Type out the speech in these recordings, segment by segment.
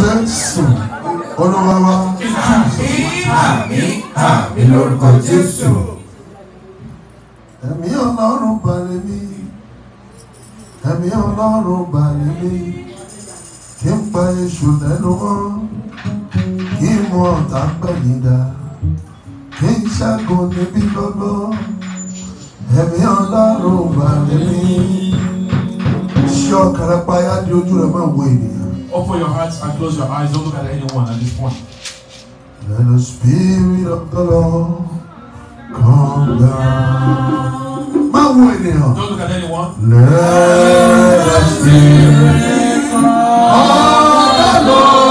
jésù olúwa wa. àmín àmín àmín lórúkọ jésù. ẹ̀mí ọlọ́run balẹ̀ mi ẹ̀mí ọlọ́run balẹ̀ mi kí n pa èṣù lẹ́nu mọ́ kí n mú ọ̀tá gbẹ̀yìn dá kí n ṣẹ́gun níbi gbogbo ẹ̀mí ọlọ́run balẹ̀ mi ṣé ọkàrà payá di ojú rẹ̀ máa wo ènìyàn. Open your hearts and close your eyes. Don't look at anyone at this point. Let the Spirit of the Lord come down. Don't look at anyone. Let the Spirit of the Lord.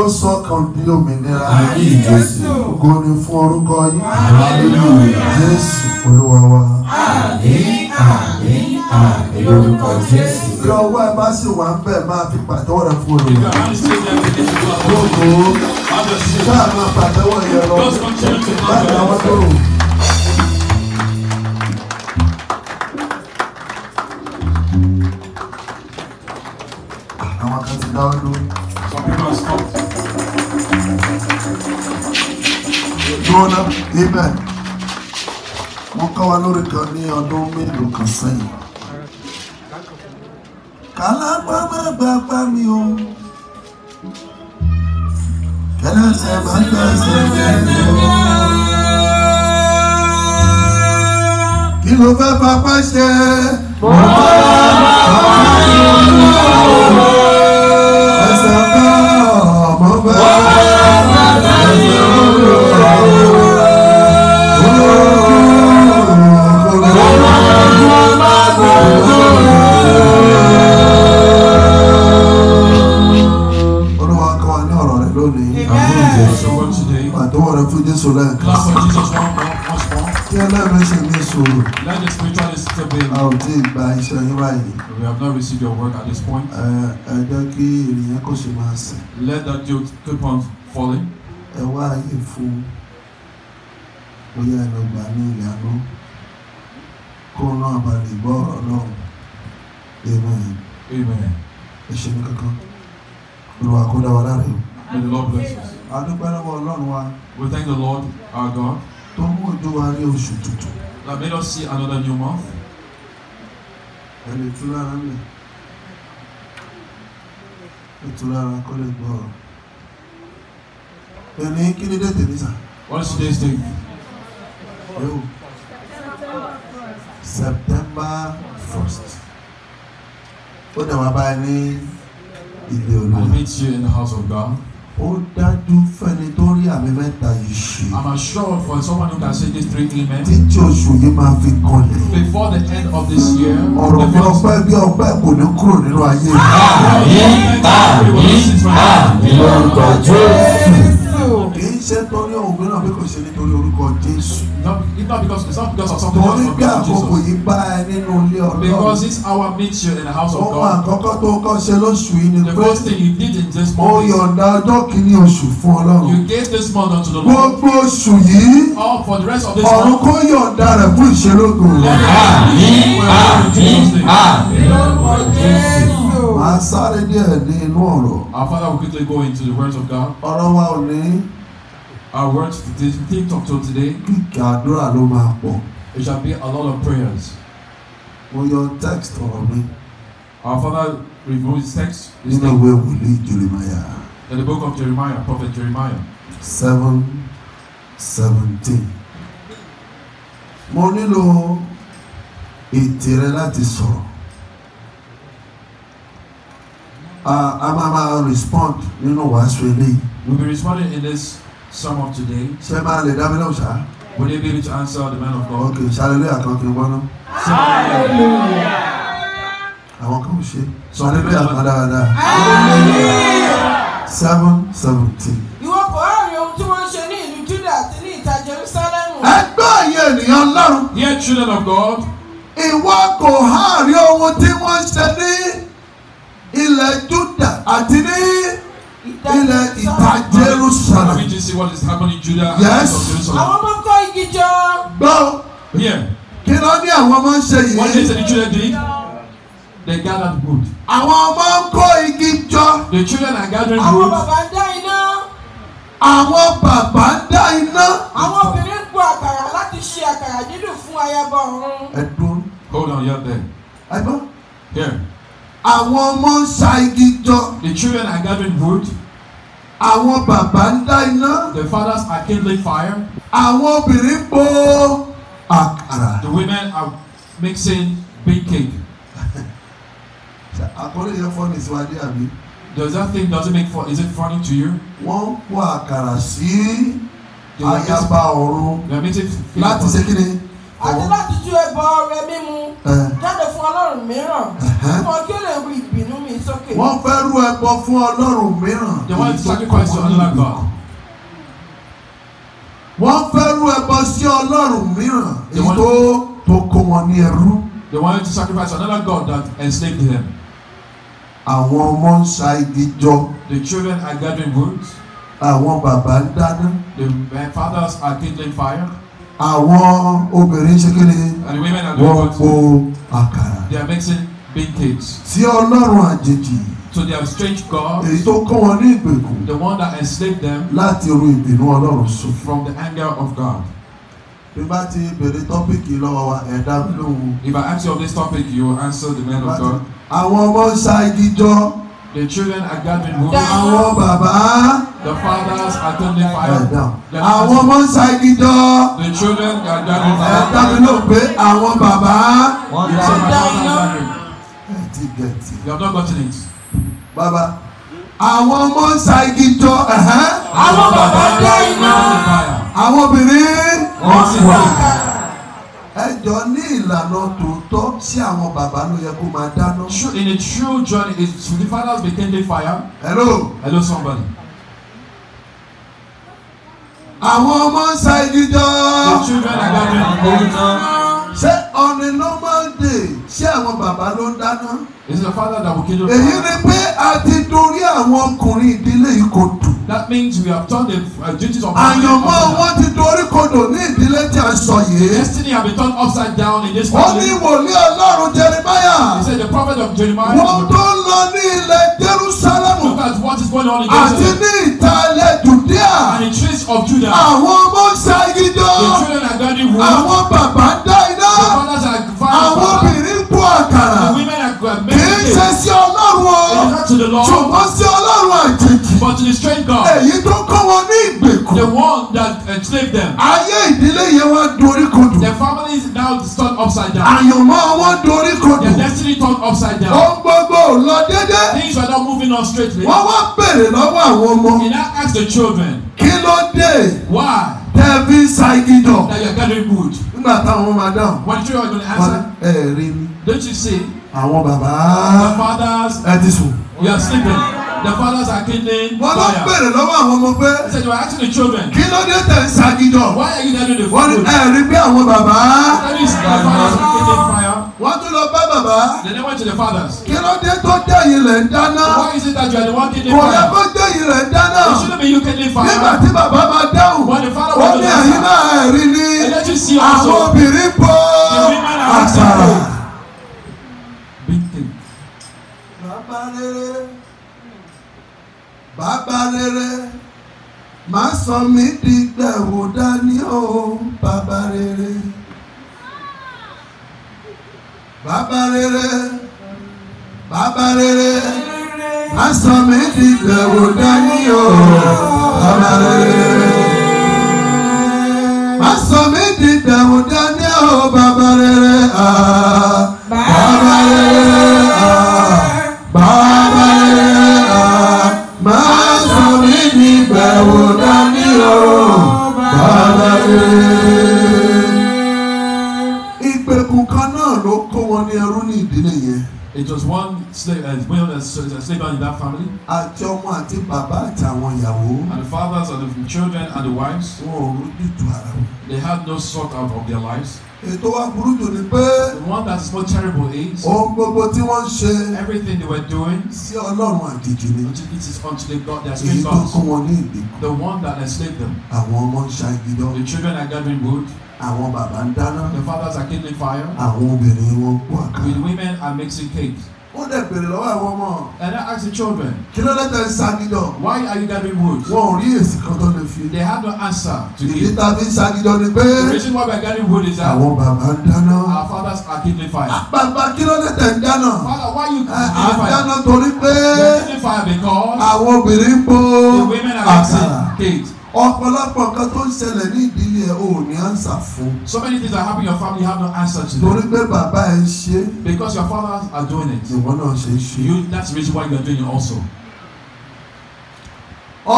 yóò sọkàn di òmìnira ògo ni fún orúkọ yìí jésù olúwa wa. àmín àmín àmín lórúkọ jésù. bí ọwọ́ ẹ bá sì wà ń bẹ̀ máa fi pàtẹ́wọ́ rẹ fún olùwà. gbogbo sáà máa pàtẹ́wọ́ yẹn lọ láti àwọn tó rò. àwọn kan ti dáwọ́ dúró. Jonah amen wọ́n kọ́ wa lórí kan ní ọdún mélòó kan sẹ́yìn kálágbá má gbà bá mi o kẹlẹsẹ má gbẹsẹ lẹnu o kí ló fẹ́ papá ṣe. mo bá wà lọ́wọ́ àti olúwa o. tí ọlọ́run ṣe mí sòrò. let the spiritualist step in. a ò tí ì gba iṣẹ́ yín báyìí. we have not received your work at this point. ẹ jẹ́ kí ènìyàn kò ṣe máa sìn. let that guilt keep on falling. ẹ wá ayé fún bóyá ẹ lọ gbà ní ìyanu kó náà balẹ̀ gbọ́ ọ̀rọ̀ náà. amen. amen. ẹ ṣe ní kankan. olùwàkúndà wà láàrin. may the lord bless us. a dúpẹ́ lọ́wọ́ ọlọ́run wa. we thank the lord our God tọ́mọ̀dún wa rí oṣù tuntun. Now let us see another new month. Ẹni ìtura ń lè. Ìtura ara kọ́ lè gbọ́ ọ̀rọ̀. Ẹni kí ni dé tèmi sà? What is today's date? Yóò. September first. Ó dẹ̀ wá báyìí ní ilé olúwa. I meet you in the house of God ó dájú fẹ́ni tó rí àmì mẹ́ta yìí ṣe. I'm assured for someone who can say this three amen. títí oṣù yìí máa fi kanlẹ̀. Before the end of this year. ọ̀rọ̀ bí ọpẹ́ bí ọpẹ́ kò ní kúrò nínú ayé. àmín àmín àmín lórúkọ Jésù ṣe torí ohun mìíràn bí kò ṣe nítorí orúkọ Jésù. Not because it's not because of something Torí pé àkókò yìí bá ẹ nínú ilé Ọlọ́run. Because this hour meets in the house of God. Ohun àkọ́kọ́ tó kọ́ ṣe lóṣù yìí ni pé. The first thing you did in this month. yọ̀ǹda ọjọ́ kìíní oṣù fún Ọlọ́run. You gave this month unto the Lord. Gbogbo oṣù yìí. All for the rest of this month. Ọ̀run kó yọ̀ǹda rẹ̀ fún ìṣelógo. Àmín àmín àmín. Lórúkọ máa sáré díẹ̀ ní inú ọ̀rọ̀. our father will quickly go into the words of God. ọ̀rọ̀ wa ò ní. Our words today, think talk to today. Kíkà àdúrà ló máa pọ̀. It shall be a lot of prayers. Mo yọ text ọ̀rọ̀ mi. Our father revealed his text. Nínú ìwé ìwòlí Jeremiah. In the book of Jeremiah, prophet Jeremiah. Seven seventeen. Mo nílò ètè rẹ láti sọ̀rọ̀. A máa máa respond nínú wàásù eléyìí. We will be responding in this some of today. ṣé máa lè dá mi lóhùn ṣá. will you be able to answer the man of God. okay hallelujah kan kì í wọ́n náà. hallelujah. àwọn kan ò ṣe. sọ hallelujah kan dáadáa. hallelujah. seven seventeen. ìwọ kò rárí ohun tí wọ́n ń ṣe ní ìlú Júdà àti ní ìta Jerusalem. ẹgbẹ́ àyè ènìyàn Ọlọ́run. dear children of God. ìwọ kò rárí ohun tí wọ́n ń ṣe ní ilẹ̀ Júdà àti ní ilẹ̀ ìta Jerusalem. Let me just see what is happening in Yes. Àwọn ọmọ kọ́ igi jọ. Gbọ́. Kí ló ní àwọn ọmọ ń ṣe yìí? What is it the children They gathered wood. Àwọn ọmọ ń igi jọ. The children are gathering wood. Àwọn bàbá ń dá iná. Àwọn bàbá ń dá iná. Àwọn obìnrin po àkàrà láti ṣe àkàrà dídùn fún ayaba ọ̀run. Ẹ̀dùn. Hold on, you're there. Ẹ̀gbọ́n. Here àwọn ọmọ ń sa igi jọ. the children are gathering wood. àwọn bàbá ń dá iná. the fathers are kindling fire. àwọn obìnrin po àkàrà. the women are mixing big cake. àkọlé yẹn fọ́ ní ìsìwádìí àbí. does that thing doesn't make fun is it funny to you. wọ́n kó àkàrà sí ayaba ọ̀run láti ṣe kí ni. àti láti ju ẹbọ rẹ mímu jáde fún ọlọ́run mìíràn. Wọ́n kéré ewu ìbínú mi sókè. Wọ́n fẹ́ rú ẹbọ fún Ọlọ́run mìíràn. They want to sacrifice to another God. Wọ́n fẹ́ rú ẹbọ sí Ọlọ́run mìíràn. Èyí tó tó kó wọn ní ẹrú. They wanted to sacrifice another God that enslaved them. Àwọn ọmọ ń sa igi jọ. The children are gathering wood. Àwọn bàbá ń dáná. The eh, fathers are kindling fire. Àwọn obìnrin ṣe kí ni? And the women are doing what? Wọ́n po àkàrà. They are mixing vintage. sí ọlọ́run àjèjì. to their strange gods. èyí tó kó wọn ní ìgbèkùn. the one that enslaved them. láti orí ìbínú ọlọ́run sùn. from the anger of God. bí bá ti bèrè tọ́pìkì lọ́wọ́ wa ẹ̀dá mi lóhùn. if I ask you of this topic you will answer the man of God. àwọn ọmọ ń sa igi jọ. The children are gathering home. Àwọn bàbá. The fathers are turning fire. Àwọn ọmọ ń sa igi jọ. The children are gathering fire. Ẹ̀dá mi ló pé àwọn bàbá. Wọ́n dá iná ẹ ti get it. you have not gotten it. bàbá àwọn ọmọ ń sa igi jọ. àwọn bàbá dé iná. àwọn obìnrin wọ́n sì wà. ẹ jọ ní ìlànà tòótọ́ sí àwọn bàbá ló yẹ kó máa dáná. in a true journey is to the fathers became the fire. hello. hello somebody. àwọn ọmọ ń sa igi jọ. the children are gathering ṣé on a normal day ṣé àwọn bàbá ló ń dáná. is the father that will kill you. èyí ni pé a ti dorí àwọn ọkùnrin ìdílé yìí kodò. that means we have turned the uh, duties of. àyànmọ́ wọn ti dorí kodò ní ìdílé tí a sọ yìí. destiny have been turned upside down in this family. ó ní wòlíì ọlọ́run Jeremiah. he said the prophet of Jeremiah. wọ́n tó lọ ní ilẹ̀ Jerusalem look at what is going on in Gaza. àti ní ìtàlẹ̀ Judea. and the trees of Judah. àwọn ọmọ ń the children are gathering wood. àwọn bàbá ń dá iná. the fathers are fire. àwọn obìnrin ń bọ àkàrà. the women are making cake. kì í ṣe sí Ọlọ́run o. ṣùgbọ́n sí administrate God. èyí tó kọ́ wọn ní ìgbèkùn. the one that enslaved them. ayé ìdílé yẹn wá dorí kodò. their family is now turned upside down. àyànmọ́ wọn dorí kodò. their destiny turned upside down. ó gbogbo lọ dédé. things were not moving on straightly. wọ́n wá béèrè lọ́wọ́ àwọn ọmọ. he now asked the children. kí ló dé. why tẹ́bí ṣáìdì dọ̀. that you are gathering wood. nígbà táwọn ọmọ máa dáhùn. one three hundred and answer. ẹ rí mi. don't you see. àwọn bàbá. the fathers. ẹ ti sùn. you are sleeping. The fathers are kindling fire. Wọ́n lọ bèrè lọ́wọ́ àwọn ọmọ pé. He said you are asking the children. Kí ló dé tẹ̀ ṣàgídọ̀? Why are you telling the food? Wọ́n ní ẹ rí àwọn bàbá. That is the fathers are kindling fire. Wọ́n tún lọ bá bàbá. They then went to the fathers. Kí ló dé tó dé yìí lẹ̀ ń dáná? Why is it that you are the one kindling fire? Kò yẹ kó dé yìí lẹ̀ ń dáná. It shouldn't be you kindling fire. Nígbà tí bàbá máa dáhùn. When the father was on the line. Ó ní ẹ̀yin náà rí ní. Àwọn obìnrin bọ́ àṣàrò. Big thing bàbá rere má sọ mí di gbẹ̀wò dání o bàbá rere bàbá rere bàbá rere má sọ mí di gbẹ̀wò dání o bàbá rere má sọ mí di gbẹ̀wò dání o bàbá rere. Ah. It was one slave, uh, woman, uh, uh, slave in that family. Àti ọmọ àti bàbá àti àwọn ìyàwó. And the fathers and the children and the wives. Wọ́n ò rújú tu ara wọn. They had no sort out of their lives. Ètò wa burú jù ni pé. The one that is more terrible is. Ohun gbogbo tí wọ́n ṣe. Everything they were doing. Sí Ọlọ́run àjèjì ni. It is unto the God their spirit Èyí tó kó wọn ní ìgbèkùn. The one that enslaved them. Àwọn ọmọ ń ṣa The children are gathering wood. Àwọn bàbá ń dáná. The fathers are kindling fire. Àwọn obìnrin wọn kú àkàrà. The women are mixing cake. Wọ́n dẹ̀ bèrè lọ́wọ́ àwọn ọmọ. And I ask the children. Kí ló dé tẹ̀ ságídọ̀? Why are you gathering wood? Wọn ò rí èsì kan tó lè fi. They have no answer to give. Ìdí ta fi ń ni pé. The reason why we are gathering wood is that. Àwọn bàbá ń dáná. Our fathers are kindling fire. Ah, bàbá kí ló dé tẹ̀ ń dáná? Father why you eh, kindling fire? Àdáná torí pé. We are kindling fire because. Àwọn obìnrin ń po àkàrà. The women are mixing cake ọ̀pọ̀lọpọ̀ nǹkan tó ń ṣẹlẹ̀ ní ìdílé ẹ̀ ò ní ànsà fún. so many things that happen in your family you have no answer to. torí pé bàbá ẹ ṣe. because your fathers are doing it. ìwọ náà ṣe é ṣe. you that's the reason why you are doing it also.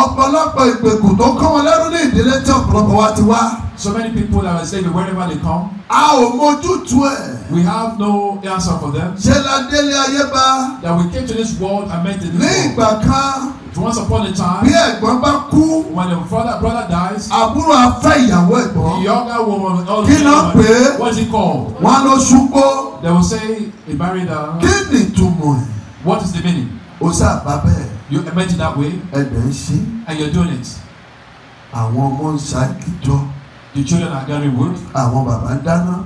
ọ̀pọ̀lọpọ̀ ìgbèkùn tó kọ́ wọn lẹ́rú ní ìdílé tí ọ̀pọ̀lọpọ̀ wa ti wá. so many people that are saving wherever they come. A ò mójútu ẹ̀. We have no answer for them. Ṣé la délé ayé bá? That we came to this world and met in this world. Ní ìgbà kan. Once upon a time. Bí ẹ̀gbọ́n bá kú. When the brother brother dies. Àbúrò afẹ́ ìyàwó ẹ̀gbọ́n. The younger woman. Kí ló pè é? What is it called? Wọ́n lọ ṣubú. They will say he married her. Kí ni ìtumọ̀ ẹ̀? What is the meaning? O sá bá You imagine that way. Ẹ̀dẹ̀ ń ṣe. And you're doing it. Àwọn ọmọ ń ṣàkíjọ. The children are gathering wood. Àwọn bàbá ń dáná.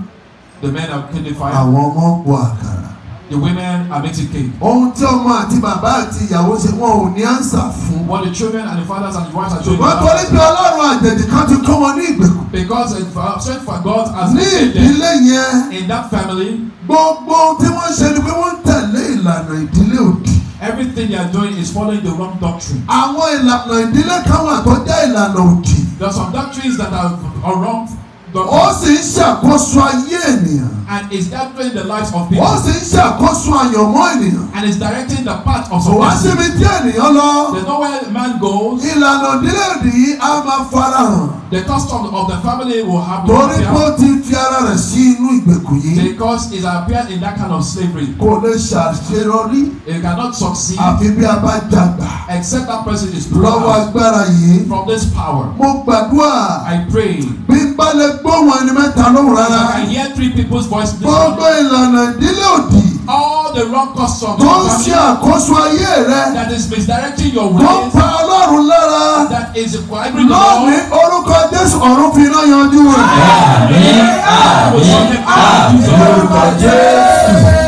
The men are cooking the fire. Àwọn ọmọ ń po àkàrà. The women are making cake. Ohun tí ọmọ àti bàbá àti ìyàwó ṣe wọn ò ní ànsà fún. What the children and the fathers and the wives are doing. Ṣùgbọ́n torí pé Ọlọ́run àjèjì kan ti kó wọn ní ìgbèkùn. Because the strength for God has been given Ní ìdílé yẹn. In that family. Gbogbo ohun tí wọ́n ṣe ni pé wọ́n ń tẹ̀lé ìlànà ìdílé òdì. Everything they are doing is following the wrong doctrine. Àwọn ìlànà ìdílé kan wà tó jẹ́ ìlànà òdì. There are some doctrines that are I'm wrong ó sì ń ṣàkóso ayé ènìyàn. and is gathering the lives of people. ó sì ń ṣàkóso àyànmọ́ ènìyàn. and is directing the path of some people. kò wá síbi tí ènìyàn lọ. there no where a man goes. ìlànà ìdílé òdì á máa farahàn. the custom of the family will have. torí pé ti fi ara rẹ̀ sí inú ìgbèkùn yìí. because he appeared in that kind of slavery. kò lè ṣàṣeyọrí. he cannot succeed. àfi bí a bá dàgbà. except that person is. lọ́wọ́ agbára yìí. from this power. mo gbàdúrà. I pray. bí n bá lè gbọ́ gbóhùn ẹni mẹ́ta lóhùn rárá. I hear three people's voices. gbogbo ìlànà ìdílé òdì. all the wrong customs. tó ń ṣe àkóso ayé rẹ. that is misdirecting your ways. tó ń pa ọlọ́run lára. that is requiring the law. lónìí orúkọ Jésù ọ̀run fi iná yanjú rẹ̀. àmín àmín àmín orúkọ Jésù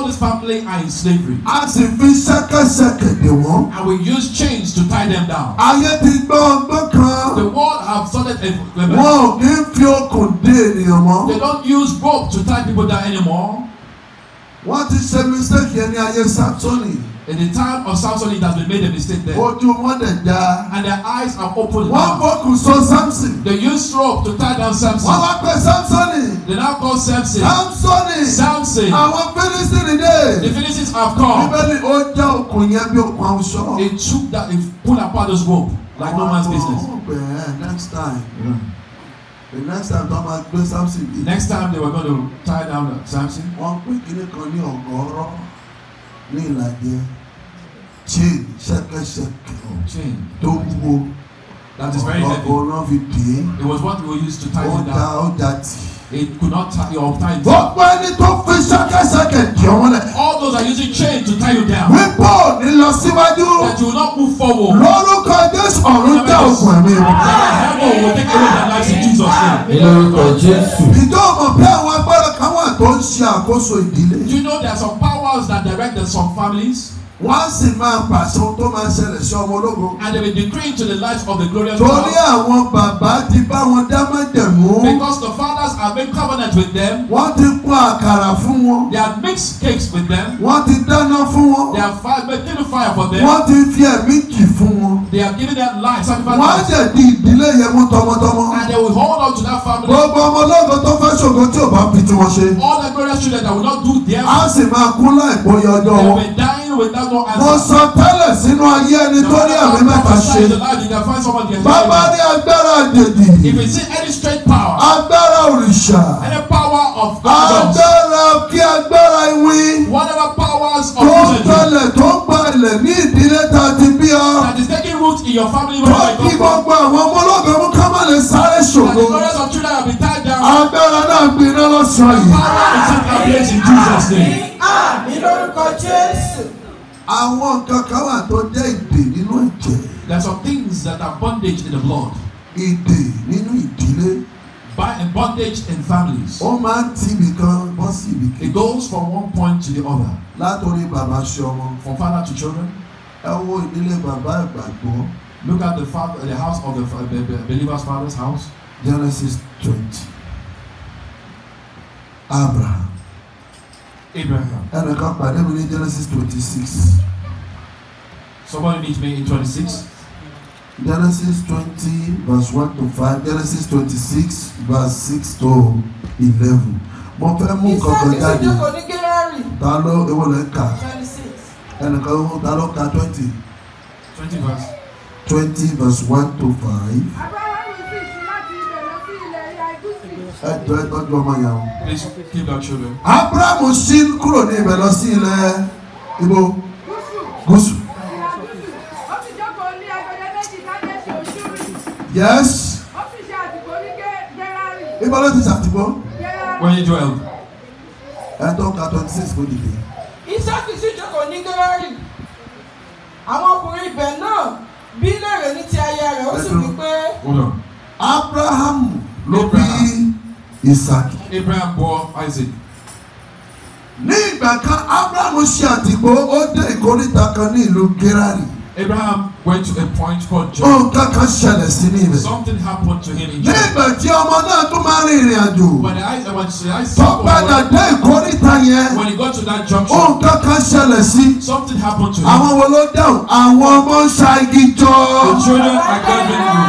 all this family are in slavery. a sì fi ṣẹ́kẹ́ṣẹkẹ̀ dè wọ́n. and we use chains to tie them down. ayé ti gbọ́ ọgbọ́n kan. the world have started a rebel. wọn ò ní fi okùn dé ènìyàn mọ́. they don't use rope to tie people down anymore. wọ́n ti ṣe mistake yẹn ní ayé sátọ́nì. In the time of Samson, it has been made a mistake there. Ojú wọn dẹ̀ já. And their eyes are opened. Wọ́n fokùn so Samson. They used rope to tie down Samson. Wọ́n wá pe Samson. They now call Samson. Samson. Samson. Àwọn Philistines dé. The Philistines have come. Bíbélì ó já okùn yẹn bí okùn àwùjọ. They took that, they pulled apart those rope like no man's business. Wọ́n bẹ̀ ẹ́ next time. Yeah. The next time tó máa gbé Samson dé. Next time they were going to tie down Samson. Wọ́n pè kíní kan ní ọ̀gọ́rọ́ ní ìlàjẹ chain ṣẹ̀kẹ̀ṣẹ̀kẹ̀ tó wúwo ọkọ̀ náà fi dè it was what we used to tie it down. ó da tì. it could not tie you up tight. gbogbo ẹni tó fi ṣẹ̀kẹ̀ṣẹ̀kẹ̀ dì ọ́ mọ́lẹ̀. all those are using chain to tie you down. wípé ò ní lọ síwájú. that you will not move forward. lórúkọ jésù ọ̀run jẹ́ òkun ẹ̀mí wọn. heaven will take away their lives in Jesus name. lórúkọ jésù. ìjọ ọmọ bẹ́ẹ̀ wọn agbára káwọn àtọ́ ń ṣe àkóso ìdílé. you know there are some powers that direct some families wọ́n sì máa pàṣẹ ohun tó máa ṣẹlẹ̀ sí ọmọ ológo. and they will decree to the life of the glorious God. torí àwọn bàbá ti bá wọn dá májẹ̀mú. because the fathers have been covenant with them. wọ́n ti kó àkàrà fún wọn. they have mixed cakes with them. wọ́n ti dáná fún wọn. they have fire made three fire for them. wọ́n ti fi ẹ̀mí jì fún wọn. they have given them life sacrifice. wọ́n jẹ̀ di ìdílé yẹn tọmọtọmọ. and they will hold on to that family. gbogbo ọmọ ológo tó fẹ́ ṣògo tí ò bá fi tiwọn ṣe. all the glorious children that will not do their. a sì máa kú láì they will be without Mo sọ tẹ́lẹ̀ sínú ayé ẹni tó ní ẹ̀mí mẹ́ta ṣe. Bàbá ní agbára àjèjì. Agbára òrìṣà. Agbára kí agbára iwin. Tó ń tẹ̀lẹ̀ tó ń gbalẹ̀ ní ìdílé tá a ti bí ọ. Tó kí gbogbo àwọn ọmọ ológun mú ká má lè sáré ṣògo. Agbára náà gbiná lọ́sàn-án yìí. Àmín lórúkọ Jésù àwọn nǹkan wà tó jẹ́ ìdè nínú ẹ̀jẹ̀. there are some things that are bondage in the blood. ìdè nínú ìdílé. by bondage in families. ó máa ń ti ibìkan bọ́ sí ibìkan. it goes from one point to the other. látòrí bàbá ṣọmọ. from father to children. ẹ wo ìdílé bàbá ìgbàgbọ́. look at the father the house of the, the, the believer's father's house. Genesis twenty. Abraham. Abraham. ẹnìkan pàdé mi ní Genesis twenty six. Somebody meet me in twenty six. Genesis twenty verse one to five Genesis twenty six verse six to eleven. mo fẹ́ mú kankan jáde ta ló ewo lè kà ẹnìkan ewo ta ló ka twenty. twenty verse. twenty verse one to five ẹ jọ ẹ ọmọ yẹn o. please keep that children. abrahamu sí kúrò ní ibẹ̀ lọ sí ilẹ̀ ibo gúúsù. yes. ibo ló ti ṣàtìgbọ́. wọ́n yí joel. ẹ tó ka twenty six kó dìde. isaki sì jókòó ní gẹ́rẹ́rì àwọn ọkùnrin ibẹ̀ náà bí léèrè ní ti aya rẹ̀ ó sì wí pé. abrahamu ló bí isaac. abraham bọ isaac. ní ìgbà kan abraham ṣe àtìpó ó dé ìkórìtà kan ní ìlú gerari. abraham went to a point called jericho. ohun kankan ṣẹlẹ̀ sí ní ibẹ̀. something happened to him in jericho. ní ìgbà tí ọmọ náà tún máa rin ìrìn àjò. i saw tó padà dé ìkórìtà yẹn. when he got to that junction. ohun kankan ṣẹlẹ̀ sí. something happened to him. àwọn wo ló dáhùn àwọn ọmọ ń ṣa igi jọ. the children are gathering you.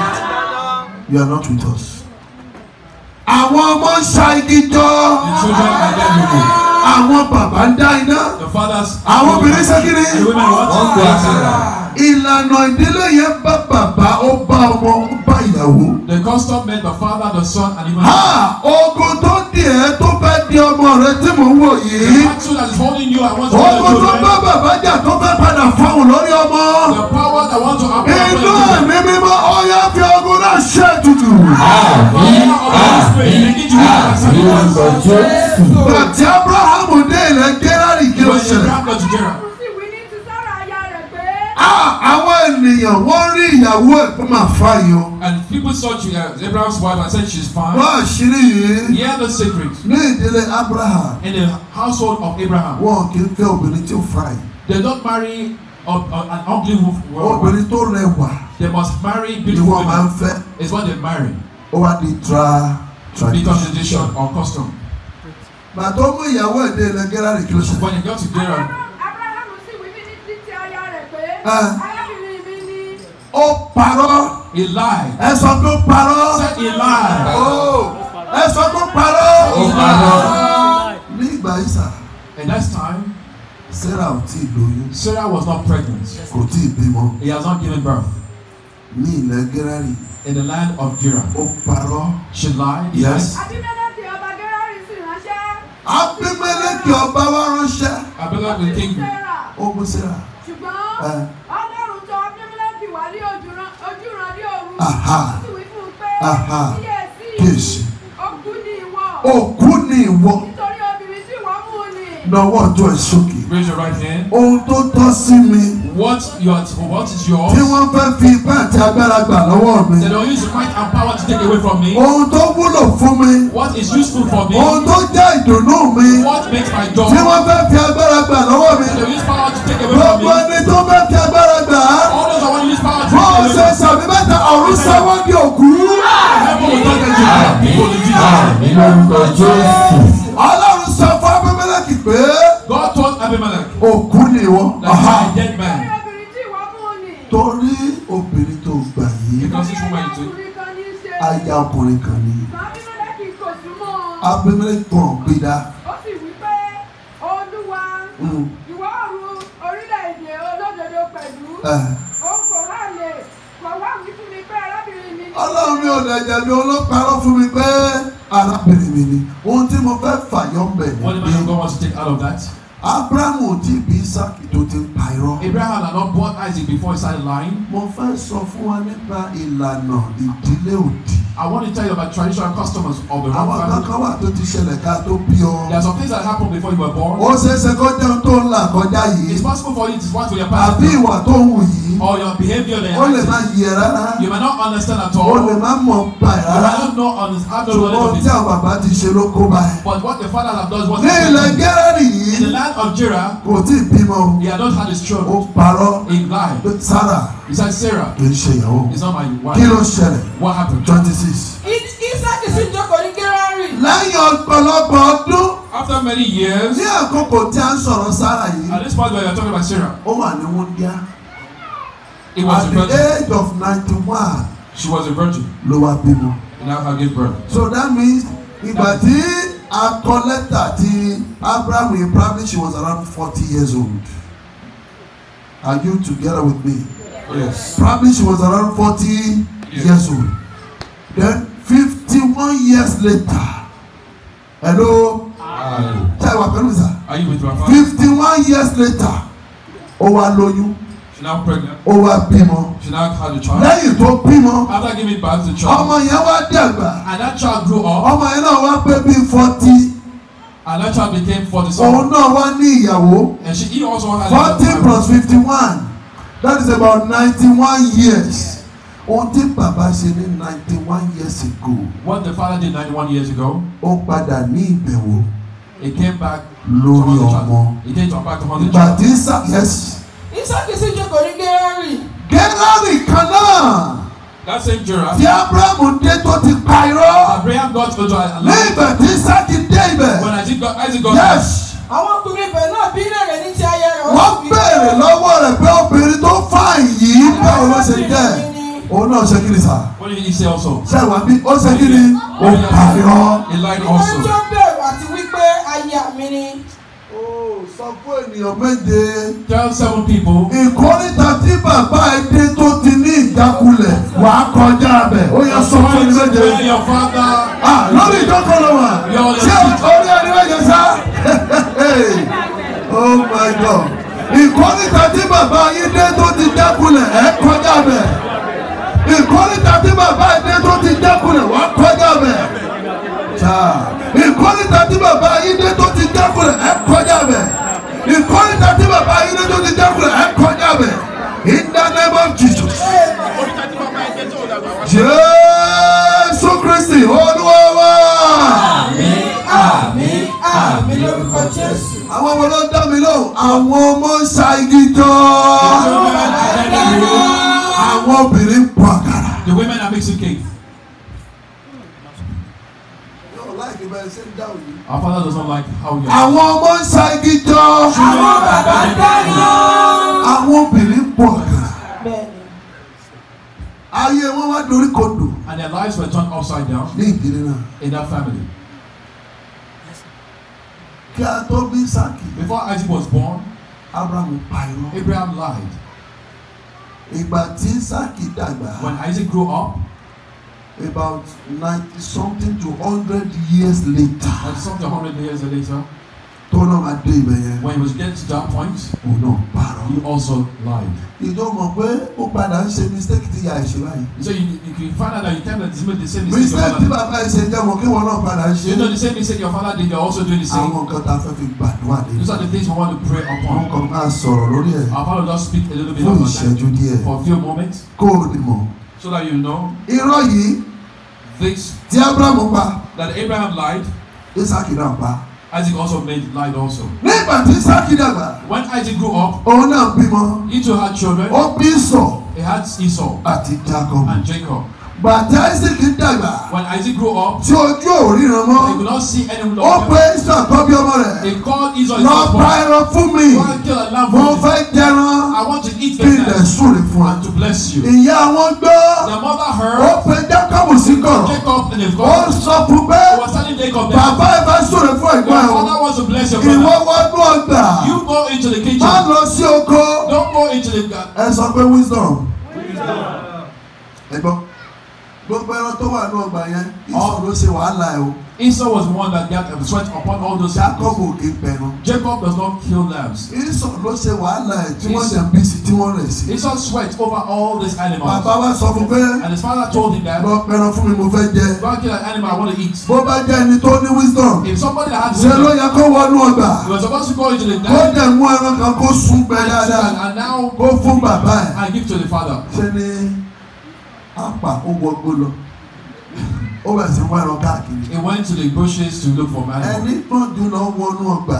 you are not with us àwọn ọmọ ń sa igi jọ. the children are there people. àwọn bàbá ń dá iná. the fathers. àwọn obìnrin ṣe the women ìlànà ìdílé yẹn bá bàbá ó bá ọmọ ó bá ìyàwó. the custom made the father the son and the man. ha ogun tó di ẹ tó bá di ọmọ rẹ tí mò ń wò yìí. ogun tó bá bàbá. hands of Jésù. Bàtí Abrahamu dé ilẹ̀ Gérárì kí ló ṣẹlẹ̀. Ah, àwọn ènìyàn wọ́n rí ìyàwó ẹ̀ pé màá fà yọ. And people saw she, uh, Abraham's wife and said she's fine. Wọ́n àṣírí yìí. He had the secret. Ní ìdílé Abraham. In the household of Abraham. Wọ́n kì í fẹ́ obìnrin tí ó fà yìí. They don't marry of, of an ugly woman. obìnrin tó rẹwà. they must marry beautiful women. ni wọ́n máa ń fẹ́. is what they marry. ó wá di tra tradition tradition or custom. but mú ìyàwó ẹ̀ dé ilẹ̀ Gérárì kìlọ̀ sẹ́yìn. when you go to Gérárì. Abrahamu sì wí ní títí aya rẹ̀ pé arábìnrin mi ni. ó parọ́. he lied. ẹ sọ pé ó parọ́. say he lied. Oh, ẹ sọ pé ó parọ́. ó oh, parọ́. ní ìgbà yìí and next time. Sarah ò tí ì lóyún. Sarah was not pregnant. kò tí ì bímọ. he has not given birth. ní ilẹ̀ Gérárì in the land of Gera, O parọ́. She lied. Yes. Abimeleki ọba Gerari sì ránṣẹ́. Abimeleki ọba wa ránṣẹ́. Abimeleki king. Ó mú Sarah. Ṣùgbọ́n Ọlọ́run tọ̀ Abimeleki wá ní ojúran ní òru. Ó sì wí fún un pé kíyèsí òkú ni ìwọ. Òkú ni ìwọ. Nítorí obìnrin tí wọ́n mú ni. Lọ́wọ́ ọjọ́ ìsókè. Raise your right hand. Ohun tó tọ́ sí mi what you are for what is yours. tí wọ́n fẹ́ fi ipá agbára gbà lọ́wọ́ mi. they don use might and power to take away from me. ohun tó wúlò fún mi. what is useful for me. ohun tó jẹ́ ìdùnnú mi. what makes my joy. tí wọ́n fẹ́ fi agbára gbà lọ́wọ́ mi. they don use power to take away from me. gbogbo ẹni tó fẹ́ fi agbára gbà. all those who wan use power to take away from me. wọ́n ṣe sàmì mẹ́ta ọ̀run sẹ́wọ́n di òkú. ọlọ́run sọ fún Abimeleki pé. God told Abimeleki. òkú wọ́n. torí obìnrin tó gbà yìí aya ọkùnrin kan ni abẹ́mẹ́lẹ́ kan gbéra. ó sì wí pé olúwa hmm. ìwọ ọ̀run orílẹ̀-èdè olódodo pẹ̀lú eh. ọlọ́run mi ò lè jẹ̀bi ọlọ́pàá fún mi pé arábìnrin mi ni ohun tí mo fẹ́ fàyọ́ bẹ̀ ni. wọ́n ní báyọ̀ gbọ́ wọn ti take out of that abrahamu ò tí bí isaki tó ti pa irọ́. abraham had not born isaac before he started lying. mo fẹ́ sọ fún wa nípa ìlànà ìdílé òdì. I want to tell you about traditional customers of the Roman family. Àwọn kankan wà tó ti ṣẹlẹ̀ ká tó bí ọ. There are some things that happen before you were born. Ó ṣe é ṣe kó jẹun tó ń là kọjá yìí. It's possible for you to want to your parents. Àbí ìwà tó ń wù yìí. Or your behaviour there. Ó lè má yẹ rárá. You may not understand at all. Ó lè má mọ̀ pa ẹ̀ rárá. You may not know on his hand or whatever. Ṣùgbọ́n tí àwọn bàbá ti ṣe ló kó bá But what the father have done was. Ní ilẹ̀ Gẹ́rẹ́rì yìí. In the land wife of Jerah. kò tí ì bímọ. he had not had a stroke. ó parọ́. he lied. Sarah. he said Sarah. kì í ṣe ìyàwó. is not my wife. kí ló ṣẹlẹ̀. what happened. twenty six. Isaac sì jókòó ní Gerari. lẹ́yìn ọ̀pọ̀lọpọ̀ ọdún. after many years. ní àkókò tí a ń sọ̀rọ̀ Sarah yìí. at this point where you are talking about Sarah. ó wà ní wúndíá. he was at the virgin. age of ninety-one. she was a virgin. ló wá bímọ. and now her gave birth. so that means ìgbà tí a kọ lẹ́tà tí Abraham in primary she was around forty years old are you together with me yes primary she was around forty yes. years old then fifty one years later hello ṣe wà pẹ̀lú sà fifty one years later ó wá lóyún now pregnant. Ó wá bímọ. She now had a child. Lẹ́yìn tó bímọ. After giving birth to child. Ọmọ yẹn wá dàgbà. And that child grew up. Ọmọ yẹn náà wá pé bíi forty. And that child became forty Oh no, one wá ní And she also had a Forty plus fifty one. That is about ninety one years. Ohun Papa said ṣe ninety one years ago. What the father did ninety one years ago. Ó padà ní He came back. Lórí ọmọ. He came back to mother yes. Isaki sì jókòó ní Gérárì. Gérárì kan náà. That's in Jura. Tí Abrahamu dé tó ti pa irọ́. Abraham got to Jura. Ní ibẹ̀ tí Isaki dé ibẹ̀. When Isaac got Isaac got. Yes. Àwọn ọkùnrin ibẹ̀ náà bí rẹ̀ ní ti ayé rẹ̀. Wọ́n béèrè lọ́wọ́ rẹ̀ pé obìnrin tó fàìn yìí báwo ló ṣe jẹ́ òun náà ṣe kiri sa. ṣe wà bí ó ṣe kiri ó pààyàn. ìlànà ọ̀sùn. ìlànà ọjọ́ bẹ̀rù àti wípé aya mi ni sọ fún ènìyàn méje. tell seven people. ìkórìtà tí bàbá ẹdẹ tó ti ní ìjákulẹ̀ wà á kọjá bẹ̀ ó yẹ sọ fún ẹni méje. Ah, lórí ìjókòó ló wà ṣé orí ẹni méje sá. oh my god ìkórìtà tí bàbá ẹdẹ tó ti jákulẹ̀ ẹ kọjá bẹ̀ ìkórìtà tí bàbá ẹdẹ tó ti jákulẹ̀ wà á kọjá bẹ̀ ọ̀tá ìkọ́lítà tí bàbá yín dé tó ti dẹ́kun rẹ̀ ẹ̀ kọjá bẹ̀ ìkọ́lítà tí bàbá yín dé tó ti dẹ́kun rẹ̀ ẹ̀ kọjá bẹ̀ in the name of Jesus. Jésù Kristi Olúwa wa. Àmín àmín àmín lórúkọ Jésù. Àwọn ọmọ ló ń dá mi lóhùn. Àwọn ọmọ ń sa igi tán. Àwọn obìnrin pọ̀ àkàrà. The women are mixing cake. Our father does not like how you are. Àwọn ọmọ ń ṣagi jọ. Àwọn bàbá ń dáná. Àwọn obìnrin pọ̀ gan. Ayé wọn wá dorí kodò. And their lives were turned upside down. Ní ìdílé náà. In that family. Kí a tó bí Sáàkì. Before Isaac was born. Abraham pa Abraham lied. Ìgbà tí Sáàkì dàgbà. When Isaac grew up about ninety something to hundred years later. Like something hundred years later. tọ́nà máa dé ibẹ̀ yẹn. when he was getting to that point. òun náà parọ́. he also lied. ìjọ mọ̀ pé ó padà ń ṣe mistake ti yà ìṣe báyìí. so you you can find out that you tell them the same mistake. mistake tí bàbá ẹ ṣe jẹ́ mọ̀ kí wọn náà padà ń ṣe. you know the same mistake your father did you are also doing the same. àwọn nǹkan tá a fẹ́ fi gbàdúrà dé. these are the things we want to pray upon. àwọn kan máa sọ̀rọ̀ lórí ẹ̀. our father just speak a little bit about that. fún ìṣẹ́jú díẹ̀. for a few moments. kó o ní mọ̀ so that you know. irọ́ yìí. this. tí abraham pa. that abraham lied. isaac náà pa. Isaac also made lied also. Nígbà tí Sáàkì dàgbà. When Isaac grew up. Òun náà bímọ. He too had children. Ó bí sọ. He had Esau. Àti Jacob. And Jacob. But isaac dàgbà. when isaac grew up. tí ojú ò ríran mọ́. he could not see anyone. ó pe isaac tó bí ọmọ rẹ̀. they called Esau his lord. lọ pa ẹran fún mi. for me. mo fẹ́ jẹran. I want to eat the lamb. kí ilẹ̀ sùn fún wa. and to bless you. ìyá wọn gbọ́. the mother heard. ó pe jákàbù sí kọ̀rọ̀. Jacob in the court. ó sọ fún pé. he was telling Jacob that. bàbá ẹ bá sùn lè fún ẹ̀gbọ́n ẹ̀ your father wants to bless your brother. ìwọ wọnú ọgbà. you go into the kitchen. má lọ sí oko. don't go into the garden. ẹ sọ pé wisdom. wisdom. ẹ gbọ́ gbogbo ẹran tó wà ní ọgbà yẹn ìsọ ṣe wàhálà ẹ o. Esau was the one that got a sweat upon all those Jacob ò kí pẹ̀rù. Jacob does not kill lambs. Esau ló ṣe wàhálà ẹ̀ tí wọ́n jẹ̀ bí sí tí wọ́n rẹ̀ sí. Esau sweat over all these animals. Bàbá wa sọ fún pé. And his father told him that. Lọ pẹran fún mi mo fẹ́ jẹ. Don't kill an animal I want to eat. Bó bá jẹ́ ẹni tó ní wisdom. If somebody had wisdom. Ṣé ló yẹ kó wọnú ọgbà? You were supposed to go into the night. Kó dẹ̀ mú ẹran kan kó sún gbẹ dáadáa. And now. Kó fún bàbá ẹ̀. I give to the father. Ṣé ni. Apa ó wọgbó lọ ó bẹ̀rẹ̀ sí wẹ́rọ káàkiri. he went to the bushes to look for man. ẹni kan dúnà wọnú ọgbà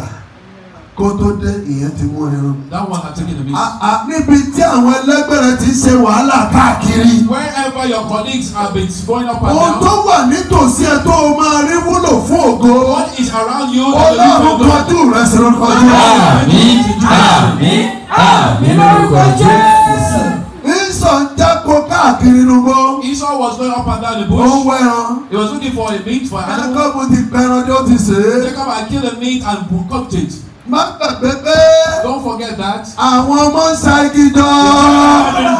kó tó dé ìyẹn ti mú irun. that one had taken a minute. níbi tí àwọn ẹlẹgbẹrẹ ti ṣe wàhálà káàkiri. wherever your colleagues have been spoiling up and down. ohun tó wà nítòsí ẹ tó o máa rí wúlò fún ògo. what is around you. ọlọ́run kọjú rẹ̀ sí lórúkọ jẹ́. àmín àmín àmín lórúkọ jẹ́ káàkiri inú gbó. Esau was going up and down the bush. ó ń wẹran. he was looking for a meat for an animal. Jacob ti pẹran tí ó ti sè Jacob had killed a meat and cooked it. má gbàgbé pé. don't forget that. àwọn ọmọ ń sa igi jọ.